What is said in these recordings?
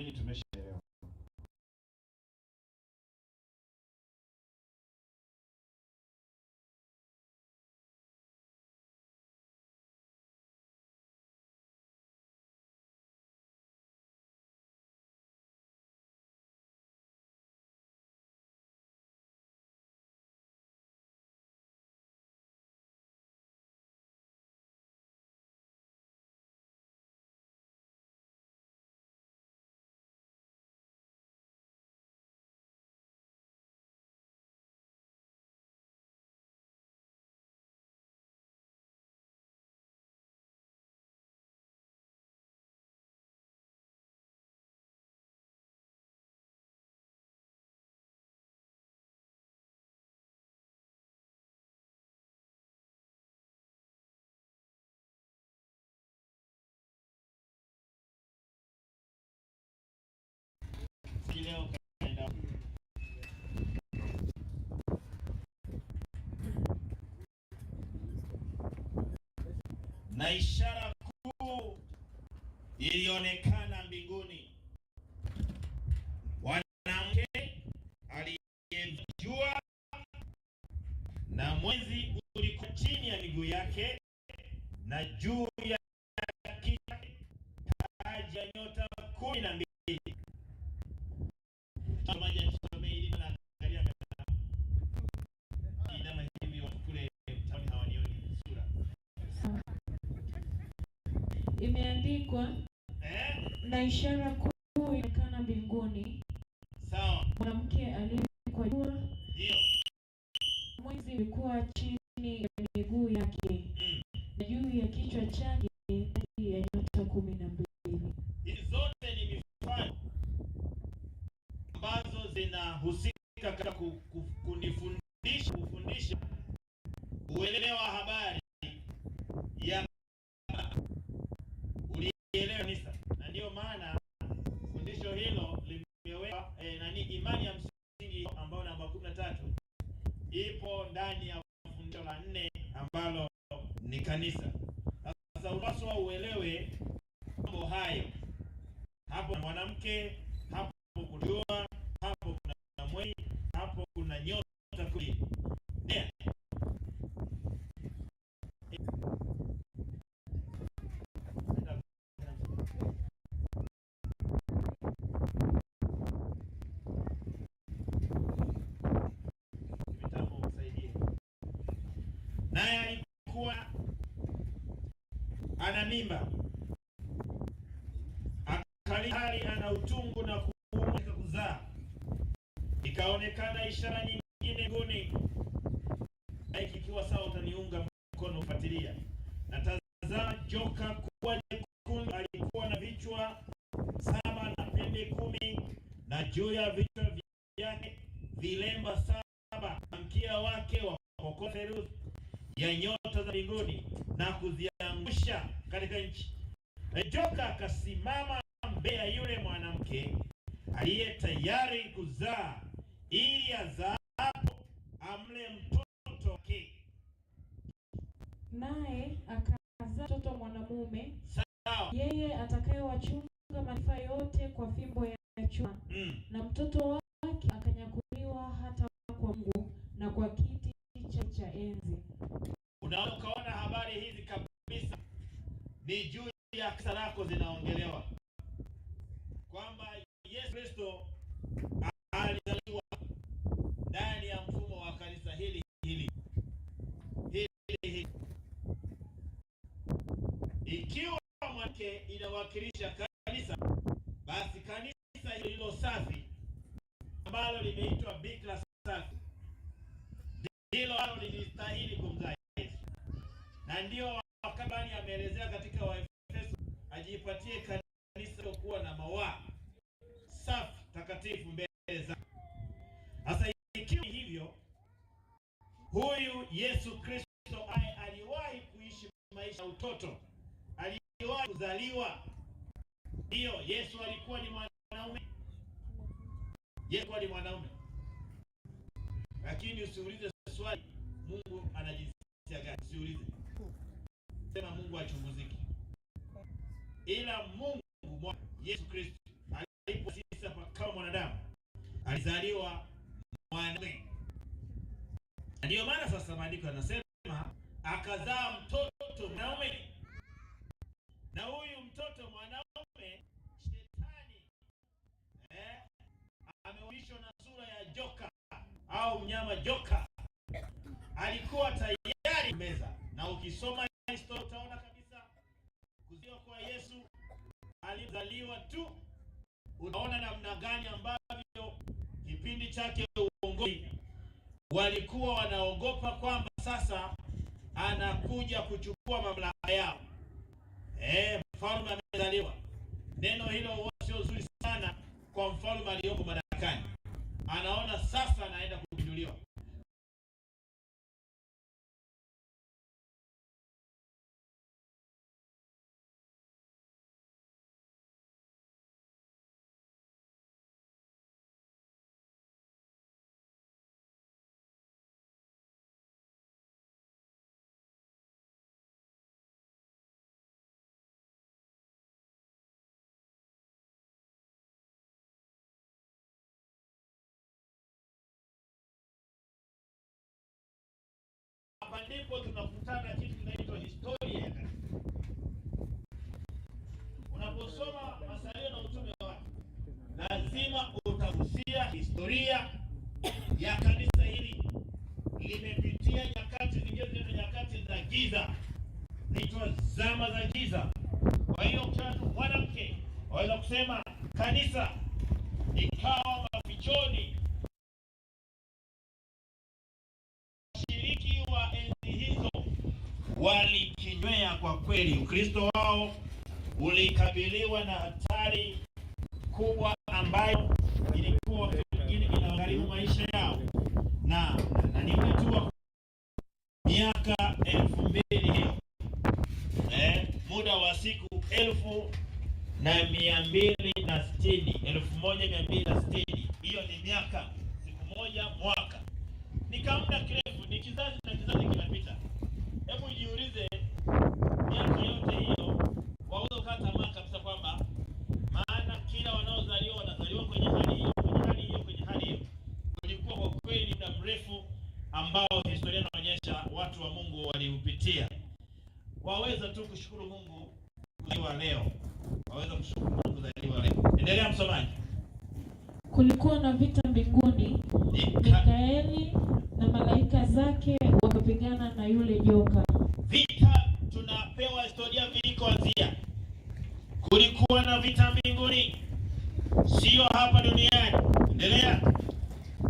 convenient to mission. na ishara kuu ilionekana mbinguni, mwanamke aliyejua, na mwezi ulikuwa chini ya miguu yake, na juu ya kichwa taji ya nyota kumi na mbili. imeandikwa eh, na ishara kuu inaonekana mbinguni, sawa. Mwanamke aliyekuwa jua, ndio mwezi ulikuwa chini ya miguu yake mm, na juu ya kichwa chake ya nyota kumi na mbili. Hizi zote ni mifano ambazo zinahusika katika kunifundisha kufundisha ndani ya fundisho la nne ambalo ni kanisa. Sasa unapaswa uelewe mambo hayo. Hapo na mwanamke, hapo kuna jua, hapo kuna mwezi, hapo kuna nyota. ana mimba akali hali ana utungu na kuumwa kuzaa, ikaonekana ishara nyingine mbinguni, ikiwa sawa, utaniunga mkono kufuatilia. Na tazama joka kubwa jekundu alikuwa na vichwa saba na pembe kumi na juu ya vichwa vyake vilemba saba, mkia wake wa kokoteruzi ya nyota za mbinguni na kuziangusha katika nchi. Na joka akasimama mbele ya yule mwanamke aliye tayari kuzaa, ili azaapo amle mtoto wake. Naye akazaa mtoto mwanamume, yeye atakayewachunga mataifa yote kwa fimbo ya chuma. Mm. na mtoto ni juu ya kanisa lako zinaongelewa, kwamba Yesu Kristo alizaliwa ndani ya mfumo wa kanisa hili hili hili hili. Ikiwa mwanamke inawakilisha kanisa, basi kanisa hilo safi ambalo limeitwa bikira safi ndilo ambalo lilistahili kumzaa Yesu na ndio ameelezea katika Waefeso, ajipatie kanisa kuwa na mawaa safi takatifu mbele za. Sasa ikiwa hivyo, huyu Yesu Kristo ambaye aliwahi kuishi maisha ya utoto, aliwahi kuzaliwa. Ndiyo, Yesu alikuwa ni mwanaume, Yesu alikuwa ni mwanaume, lakini usiulize swali sema Mungu achunguziki, ila Mungu Yesu Kristo aliposisa kama mwanadamu alizaliwa mwanamume. Ndiyo maana sasa maandiko yanasema akazaa mtoto mwanaume, na huyu mtoto mwanaume shetani eh, ameonyeshwa na sura ya joka au mnyama joka, alikuwa tayari meza, na ukisoma Kristo utaona kabisa kuzaliwa kwa Yesu alizaliwa tu, utaona namna gani ambavyo kipindi chake uongozi walikuwa wanaogopa kwamba sasa anakuja kuchukua mamlaka yao. Eh, mfalme amezaliwa. Neno hilo sio zuri sana kwa mfalme aliyopo madarakani, anaona sasa anaenda kupinduliwa. hapa ndipo tunakutana kitu kinaitwa historia ya kanisa. Unaposoma masalio na utume wake, lazima utahusia historia ya kanisa hili. Limepitia nyakati zingine, nyakati za giza, naitwa zama za giza. Kwa hiyo mwanamke waweza kusema kanisa ikawa mafichoni walikinywea kwa kweli. Ukristo wao ulikabiliwa na hatari kubwa ambayo ilikuwa pengine inagharimu maisha yao, na na ni mtu wa miaka elfu mbili hiyo eh, muda wa siku elfu na mia mbili na sitini elfu moja mia mbili na sitini hiyo ni miaka siku moja mwaka, ni kamda kirefu ni kizazi na kizazi kinapita. Hebu jiulize, miaka yote hiyo waweza ukata tamaa kabisa, kwamba maana kila wanaozaliwa wanazaliwa kwenye hali hiyo, kwenye hali hiyo, kwenye hali hiyo. Ulikuwa kwa kweli muda mrefu ambao historia inaonyesha watu wa Mungu waliupitia. Waweza tu kushukuru Mungu kuzaliwa leo, waweza kushukuru Mungu kuzaliwa leo. Endelea msomaji. Kulikuwa na vita mbinguni, Mikaeli na malaika zake kupigana na yule joka. Vita tunapewa historia vilikoanzia. Kulikuwa na vita mbinguni, sio hapa duniani. Endelea.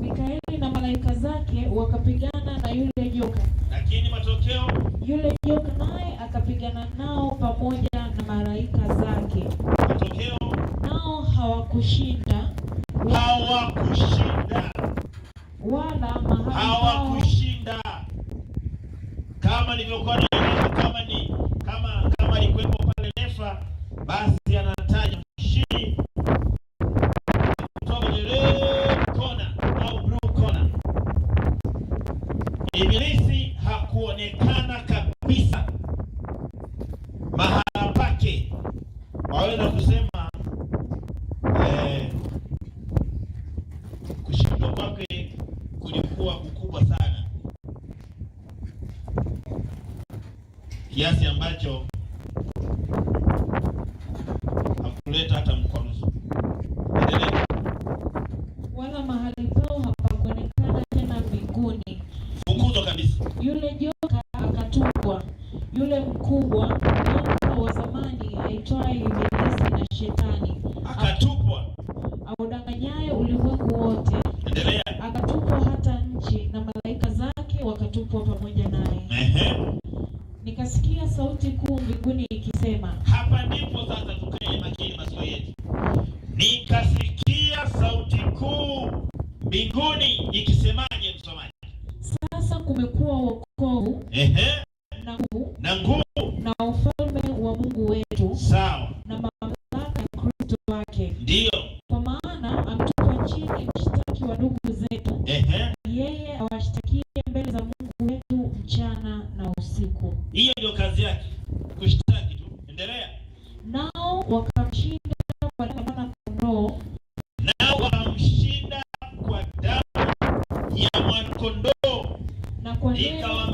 Mikaeli na malaika zake wakapigana na yule joka, lakini matokeo, yule joka naye akapigana nao pamoja na malaika zake. Matokeo, nao hawakushinda, hawakushinda wala mahali hawakushinda kama nilivyokuwa kiasi ambacho hapa ndipo sasa tukae makini masikio yetu. Nikasikia sauti kuu mbinguni ikisemaje? Msomaji, sasa kumekuwa wokovu, ehe ikaw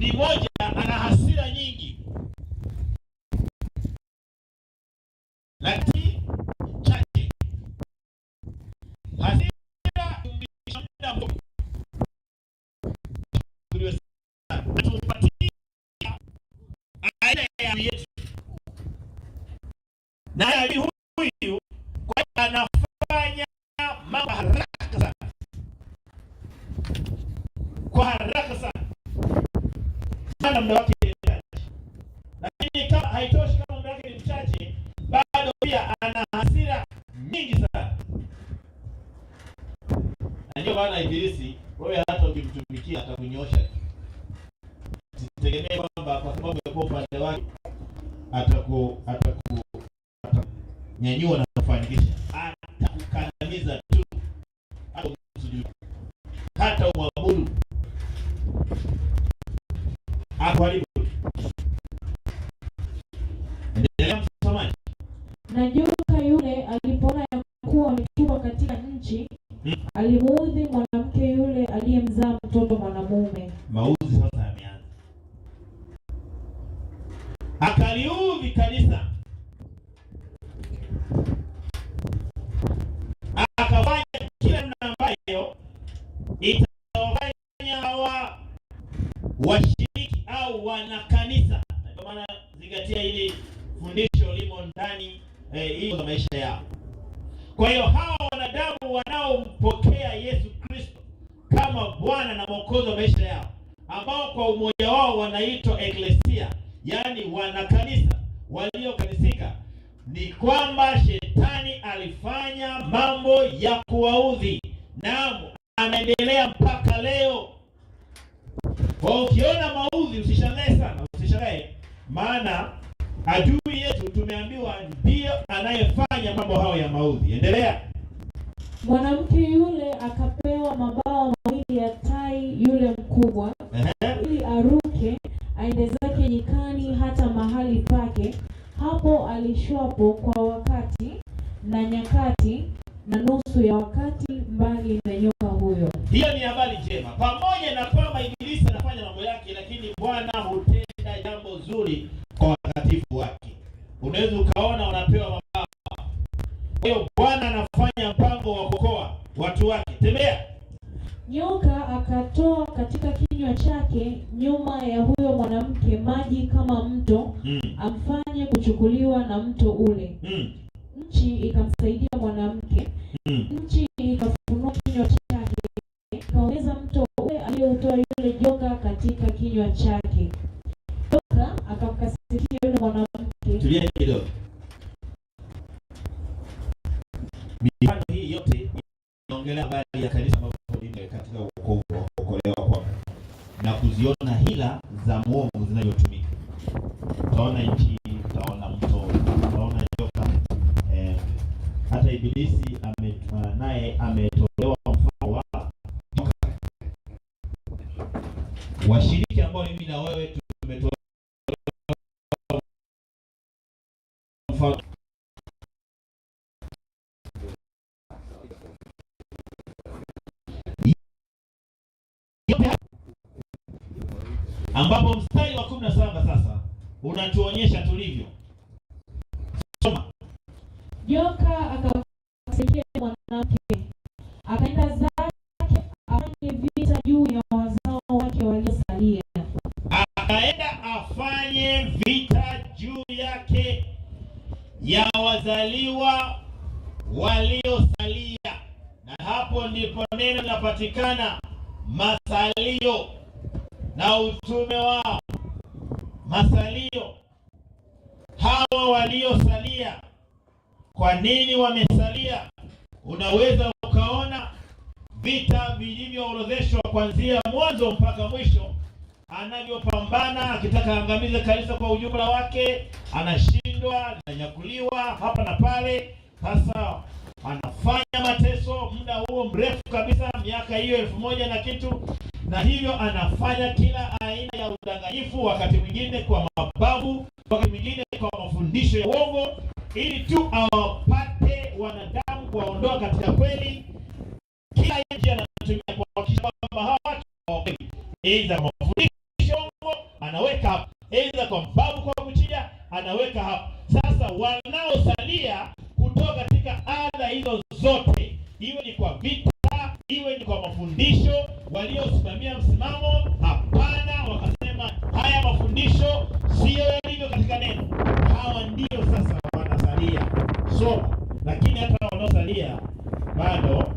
ni moja, ana hasira nyingi, lakini chache. Hasira aina ya yetu, huyu kwa anafanya mambo haraka sana, kwa haraka sana sana muda wake mchache, lakini kama haitoshi, kama muda wake ni mchache, bado pia ana hasira nyingi sana, na ndio maana Ibilisi, wewe hata ukimtumikia atakunyosha tu. kwamba kwa sababu ya kuwa upande wake ataku ataku nyanyua na katika nchi alimuudhi mwana mwokozi wa maisha yao, ambao kwa umoja wao wanaitwa eklesia, yaani wana kanisa, waliokanisika. Ni kwamba shetani alifanya mambo ya kuwaudhi, naam, anaendelea mpaka leo. Kwa ukiona maudhi, usishangae sana, usishangae, maana adui yetu tumeambiwa ndiyo anayefanya mambo hayo ya maudhi. Endelea. Mwanamke yule akapewa mabawa mawili ya tai yule mkubwa ili aruke aende zake nyikani hata mahali pake hapo alishwapo kwa wakati na nyakati na nusu ya wakati mbali na nyoka huyo. Hiyo ni habari njema, pamoja na kwamba nchi ikamsaidia mwanamke mm. Nchi ikafunua kinywa chake ikaongeza mto ule aliyoutoa yule joka katika kinywa chake. washiriki ambao mimi na wewe tumetoa ambapo mstari wa kumi na saba sasa unatuonyesha tulivyo. Soma. Joka akamsikia mwanamke watazaliwa waliosalia, na hapo ndipo neno linapatikana, masalio na utume wao. Masalio hawa waliosalia, kwa nini wamesalia? Unaweza ukaona vita vilivyoorodheshwa kuanzia mwanzo mpaka mwisho, anavyopambana akitaka angamize kanisa kwa ujumla wake, anashinda linashindwa, linanyakuliwa hapa na pale. Sasa anafanya mateso muda huo mrefu kabisa, miaka hiyo elfu moja na kitu, na hivyo anafanya kila aina ya udanganyifu, wakati mwingine kwa mababu, wakati mwingine kwa mafundisho ya uongo, ili tu awapate wanadamu, kuwaondoa katika kweli. Kila njia anatumia kuhakikisha kwamba hawa watu, aidha kwa mafundisho ya uongo anaweka, aidha kwa kwa anaweka hapo. Sasa wanaosalia kutoka katika ada hizo zote, iwe ni kwa vita, iwe ni kwa mafundisho, waliosimamia msimamo hapana, wakasema haya mafundisho siyo yalivyo katika neno, hawa ndio sasa wanasalia soma. Lakini hata wanaosalia bado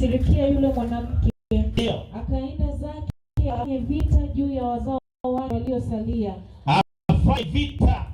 sirikia yule mwanamke afanye vita juu ya wazao wake waliosalia, afanye vita